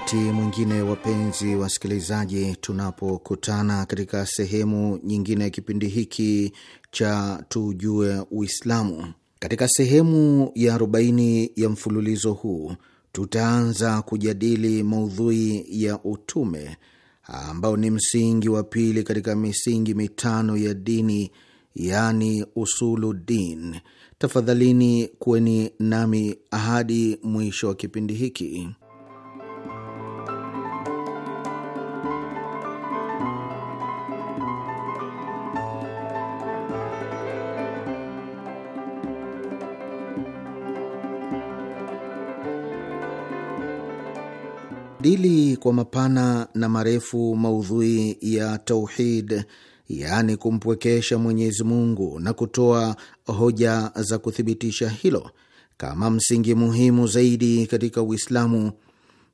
wakati mwingine, wapenzi wasikilizaji, tunapokutana katika sehemu nyingine ya kipindi hiki cha Tujue Uislamu. Katika sehemu ya 40 ya mfululizo huu tutaanza kujadili maudhui ya utume ambao ni msingi wa pili katika misingi mitano ya dini, yaani din. Tafadhalini kuweni nami ahadi mwisho wa kipindi hiki. kujadili kwa mapana na marefu maudhui ya tauhid, yaani kumpwekesha Mwenyezi Mungu na kutoa hoja za kuthibitisha hilo kama msingi muhimu zaidi katika Uislamu.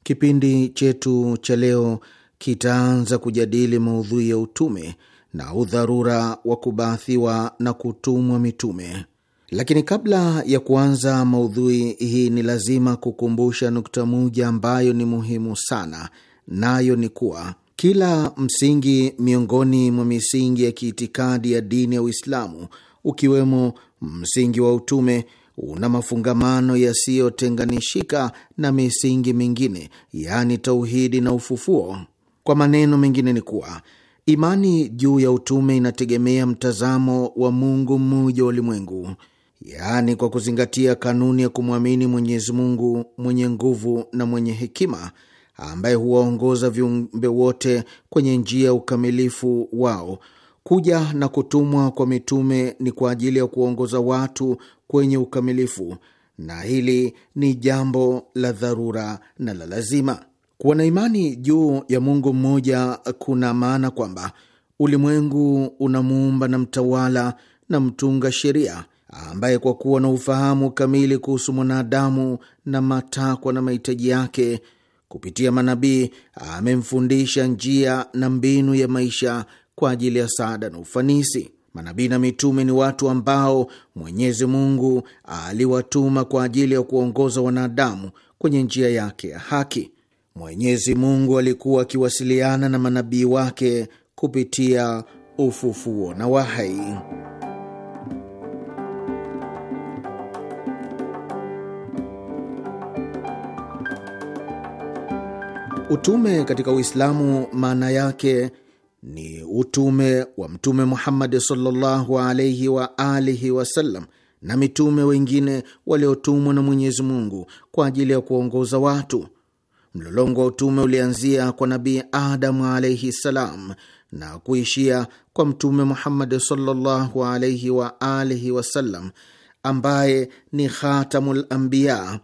Kipindi chetu cha leo kitaanza kujadili maudhui ya utume na udharura wa kubaathiwa na kutumwa mitume. Lakini kabla ya kuanza maudhui hii, ni lazima kukumbusha nukta moja ambayo ni muhimu sana, nayo ni kuwa kila msingi miongoni mwa misingi ya kiitikadi ya dini ya Uislamu, ukiwemo msingi wa utume, una mafungamano yasiyotenganishika na misingi mingine, yaani tauhidi na ufufuo. Kwa maneno mengine ni kuwa imani juu ya utume inategemea mtazamo wa Mungu mmoja wa ulimwengu yaani kwa kuzingatia kanuni ya kumwamini Mwenyezi Mungu mwenye nguvu na mwenye hekima ambaye huwaongoza viumbe wote kwenye njia ya ukamilifu wao. Kuja na kutumwa kwa mitume ni kwa ajili ya kuwaongoza watu kwenye ukamilifu, na hili ni jambo la dharura na la lazima. Kuwa na imani juu ya Mungu mmoja kuna maana kwamba ulimwengu unamuumba na mtawala na mtunga sheria ambaye kwa kuwa na ufahamu kamili kuhusu mwanadamu na matakwa na mahitaji yake kupitia manabii amemfundisha njia na mbinu ya maisha kwa ajili ya saada na ufanisi. Manabii na mitume ni watu ambao Mwenyezi Mungu aliwatuma kwa ajili ya kuongoza wanadamu kwenye njia yake ya haki. Mwenyezi Mungu alikuwa akiwasiliana na manabii wake kupitia ufufuo na wahai. Utume katika Uislamu maana yake ni utume wa Mtume Muhammad sallallahu alaihi wa alihi wasallam na mitume wengine waliotumwa na Mwenyezi Mungu kwa ajili ya kuongoza watu. Mlolongo wa utume ulianzia kwa Nabii Adamu alaihi salam na kuishia kwa Mtume Muhammad sallallahu alaihi wa alihi wasallam ambaye ni khatamul anbiya,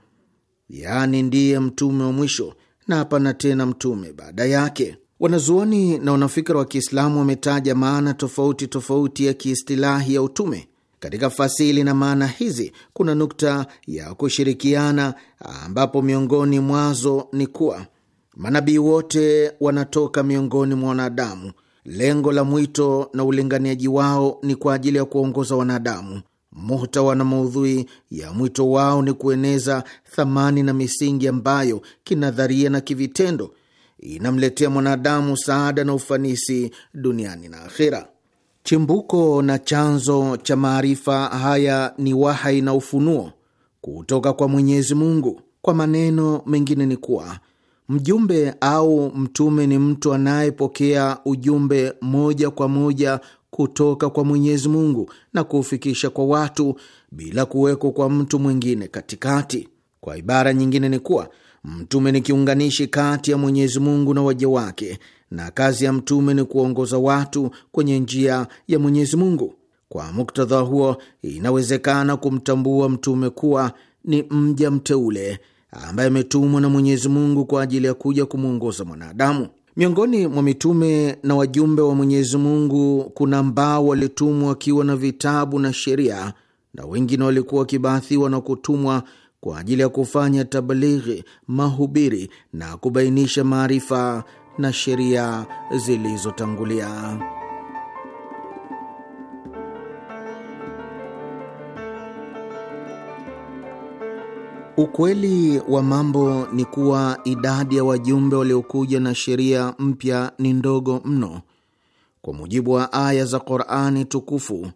yaani ndiye mtume wa mwisho na hapana tena mtume baada yake. Wanazuoni na wanafikira wa Kiislamu wametaja maana tofauti tofauti ya kiistilahi ya utume. Katika fasili na maana hizi kuna nukta ya kushirikiana, ambapo miongoni mwazo ni kuwa manabii wote wanatoka miongoni mwa wanadamu. Lengo la mwito na ulinganiaji wao ni kwa ajili ya kuongoza wanadamu. Muhtawa na maudhui ya mwito wao ni kueneza thamani na misingi ambayo kinadharia na kivitendo inamletea mwanadamu saada na ufanisi duniani na akhira Chimbuko na chanzo cha maarifa haya ni wahai na ufunuo kutoka kwa Mwenyezi Mungu. Kwa maneno mengine ni kuwa mjumbe au mtume ni mtu anayepokea ujumbe moja kwa moja kutoka kwa Mwenyezi Mungu na kuufikisha kwa watu bila kuwekwa kwa mtu mwingine katikati. Kwa ibara nyingine ni kuwa mtume ni kiunganishi kati ya Mwenyezi Mungu na waja wake, na kazi ya mtume ni kuongoza watu kwenye njia ya Mwenyezi Mungu. Kwa muktadha huo, inawezekana kumtambua mtume kuwa ni mja mteule ambaye ametumwa na Mwenyezi Mungu kwa ajili ya kuja kumwongoza mwanadamu. Miongoni mwa mitume na wajumbe wa Mwenyezi Mungu kuna ambao walitumwa wakiwa na vitabu na sheria, na wengine walikuwa wakibaathiwa na kutumwa kwa ajili ya kufanya tablighi, mahubiri na kubainisha maarifa na sheria zilizotangulia. Ukweli wa mambo ni kuwa idadi ya wajumbe waliokuja na sheria mpya ni ndogo mno. Kwa mujibu wa aya za Qurani Tukufu,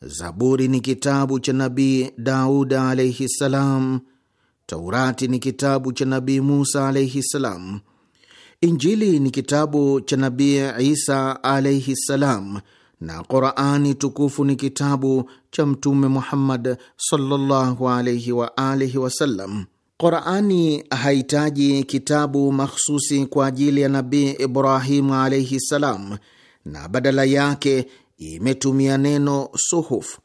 Zaburi ni kitabu cha Nabii Dauda alaihi ssalam, Taurati ni kitabu cha Nabii Musa alaihi ssalam, Injili ni kitabu cha Nabii Isa alaihi ssalam na Qurani tukufu ni kitabu cha Mtume Muhammad sallallahu alaihi wa alihi wasallam. Qurani hahitaji kitabu makhususi kwa ajili ya Nabii Ibrahimu alaihi ssalam, na badala yake imetumia neno suhuf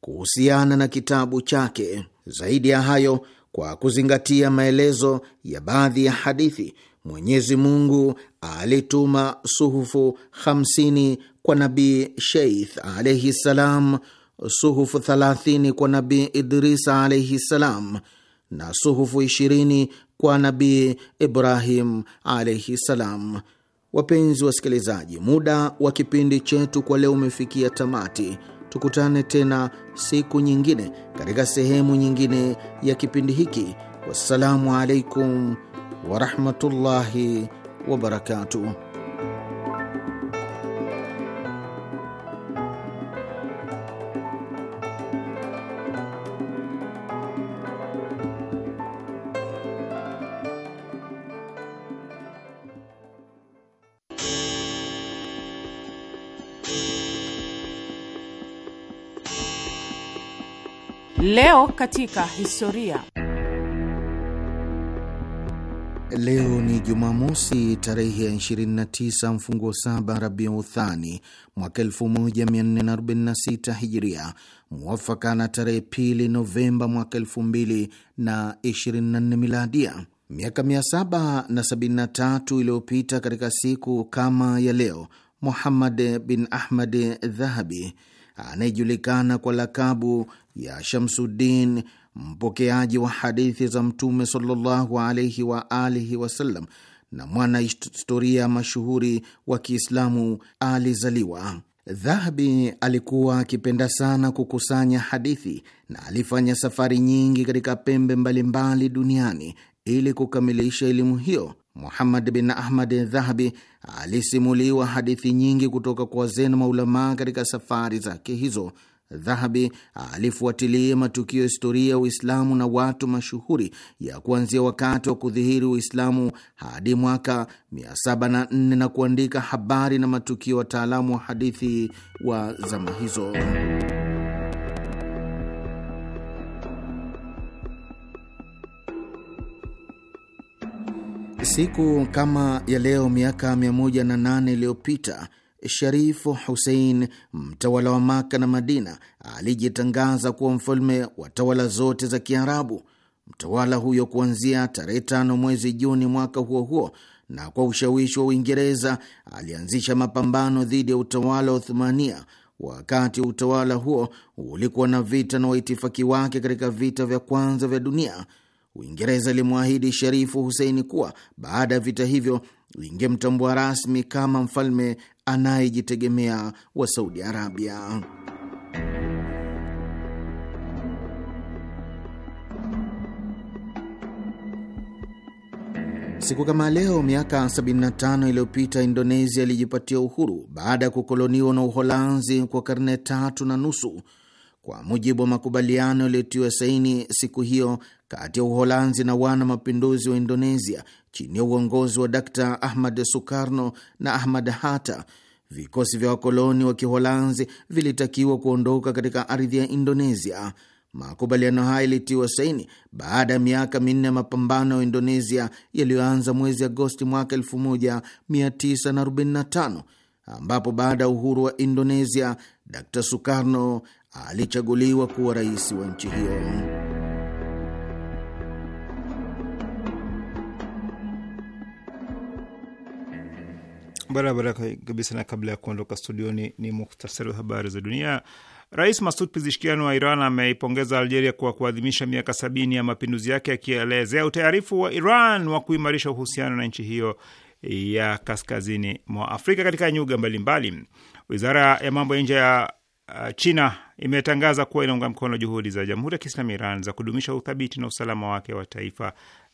kuhusiana na kitabu chake. Zaidi ya hayo, kwa kuzingatia maelezo ya baadhi ya hadithi, Mwenyezi Mungu alituma suhufu 50 kwa Nabii Sheith alaihi ssalam, suhufu 30 kwa Nabii Idrisa alaihi ssalam na suhufu 20 kwa Nabii Ibrahim alaihi ssalam. Wapenzi wasikilizaji, muda wa kipindi chetu kwa leo umefikia tamati. Tukutane tena siku nyingine katika sehemu nyingine ya kipindi hiki. Wassalamu alaikum warahmatullahi wabarakatuh.
Leo katika historia.
Leo ni Jumamosi tarehe ya 29 mfunguo saba Rabiu Uthani mwaka 1446 Hijiria, mwafaka na tarehe pili Novemba mwaka 2024 Miladia. Miaka 773 iliyopita katika siku kama ya leo, Muhammad bin Ahmad Dhahabi anayejulikana kwa lakabu ya Shamsuddin, mpokeaji wa hadithi za Mtume sallallahu alaihi wa alihi wasallam na mwana historia mashuhuri wa Kiislamu alizaliwa. Dhahabi alikuwa akipenda sana kukusanya hadithi na alifanya safari nyingi katika pembe mbalimbali mbali duniani ili kukamilisha elimu hiyo. Muhammad bin Ahmad Dhahabi alisimuliwa hadithi nyingi kutoka kwa wazee na maulamaa katika safari zake hizo. Dhahabi alifuatilia matukio ya historia ya Uislamu na watu mashuhuri ya kuanzia wakati wa kudhihiri Uislamu hadi mwaka 704 na kuandika habari na matukio ya wataalamu wa hadithi wa zama hizo. Siku kama ya leo miaka 108 iliyopita Sharifu Husein, mtawala wa Maka na Madina, alijitangaza kuwa mfalme wa tawala zote za Kiarabu. Mtawala huyo kuanzia tarehe tano mwezi Juni mwaka huo huo na kwa ushawishi wa Uingereza alianzisha mapambano dhidi ya utawala wa Uthumania. Wakati utawala huo ulikuwa na vita na waitifaki wake katika vita vya kwanza vya dunia, Uingereza ilimwahidi Sharifu Huseini kuwa baada ya vita hivyo ingemtambua rasmi kama mfalme anayejitegemea wa Saudi Arabia. Siku kama leo miaka 75 iliyopita Indonesia ilijipatia uhuru baada ya kukoloniwa na Uholanzi kwa karne tatu na nusu kwa mujibu wa makubaliano yaliyotiwa saini siku hiyo kati ya Uholanzi na wana mapinduzi wa Indonesia chini ya uongozi wa Dakta Ahmad Sukarno na Ahmad Hatta, vikosi vya wakoloni wa Kiholanzi vilitakiwa kuondoka katika ardhi ya Indonesia. Makubaliano haya ilitiwa saini baada ya miaka minne ya mapambano ya Indonesia yaliyoanza mwezi Agosti mwaka 1945 ambapo baada ya uhuru wa Indonesia, Dr Sukarno alichaguliwa kuwa rais wa nchi hiyo.
Barabara kabisa. Na kabla ya kuondoka studioni, ni, ni muhtasari wa habari za dunia. Rais Masud Pizishkian wa Iran ameipongeza Algeria kwa kuadhimisha miaka sabini ya mapinduzi yake, akielezea ya utayarifu wa Iran wa kuimarisha uhusiano na nchi hiyo ya kaskazini mwa Afrika katika nyuga mbalimbali. Wizara ya mambo ya nje ya Uh, China imetangaza kuwa inaunga mkono juhudi za Jamhuri ya Kiislamu Iran za kudumisha uthabiti na usalama wake wa taifa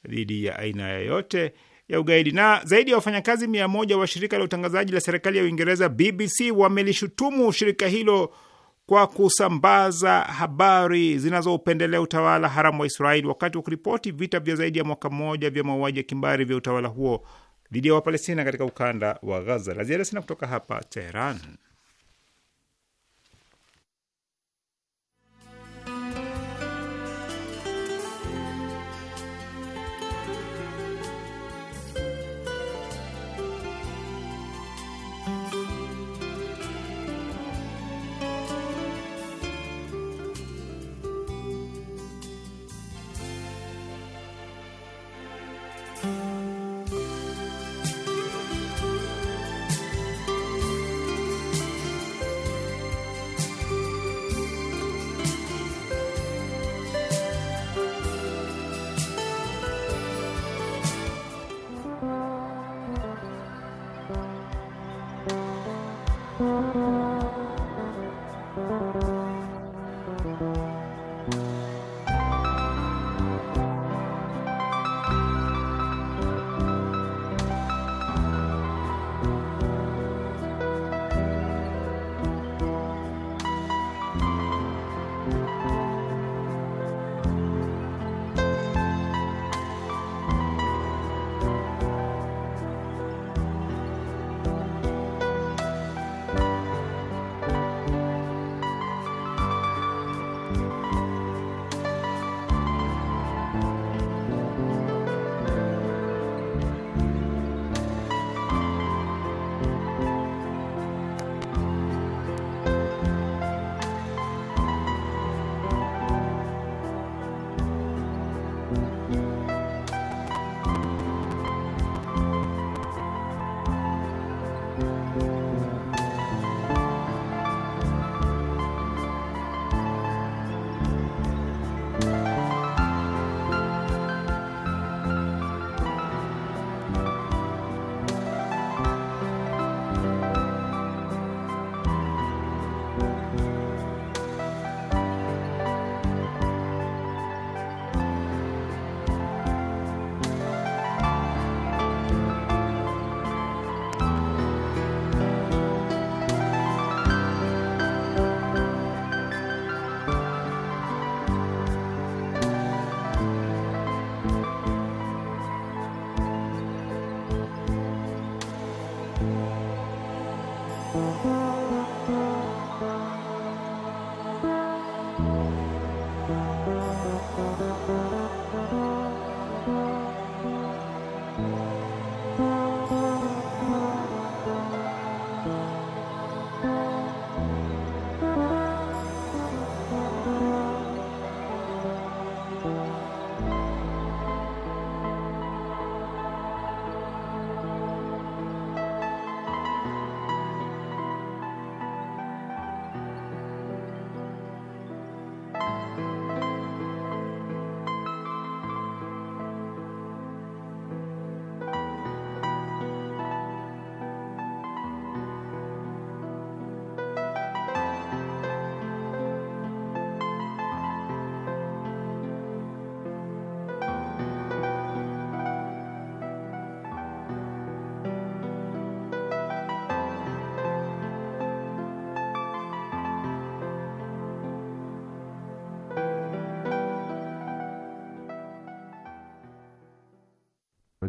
dhidi ya aina yoyote ya ugaidi. Na zaidi ya wafanyakazi mia moja wa shirika la utangazaji la serikali ya Uingereza BBC wamelishutumu shirika hilo kwa kusambaza habari zinazoupendelea utawala haramu wa Israeli wakati wa kuripoti vita vya zaidi ya mwaka mmoja vya mauaji ya kimbari vya utawala huo dhidi ya Wapalestina katika ukanda wa Gaza. La ziada sina kutoka hapa Teheran.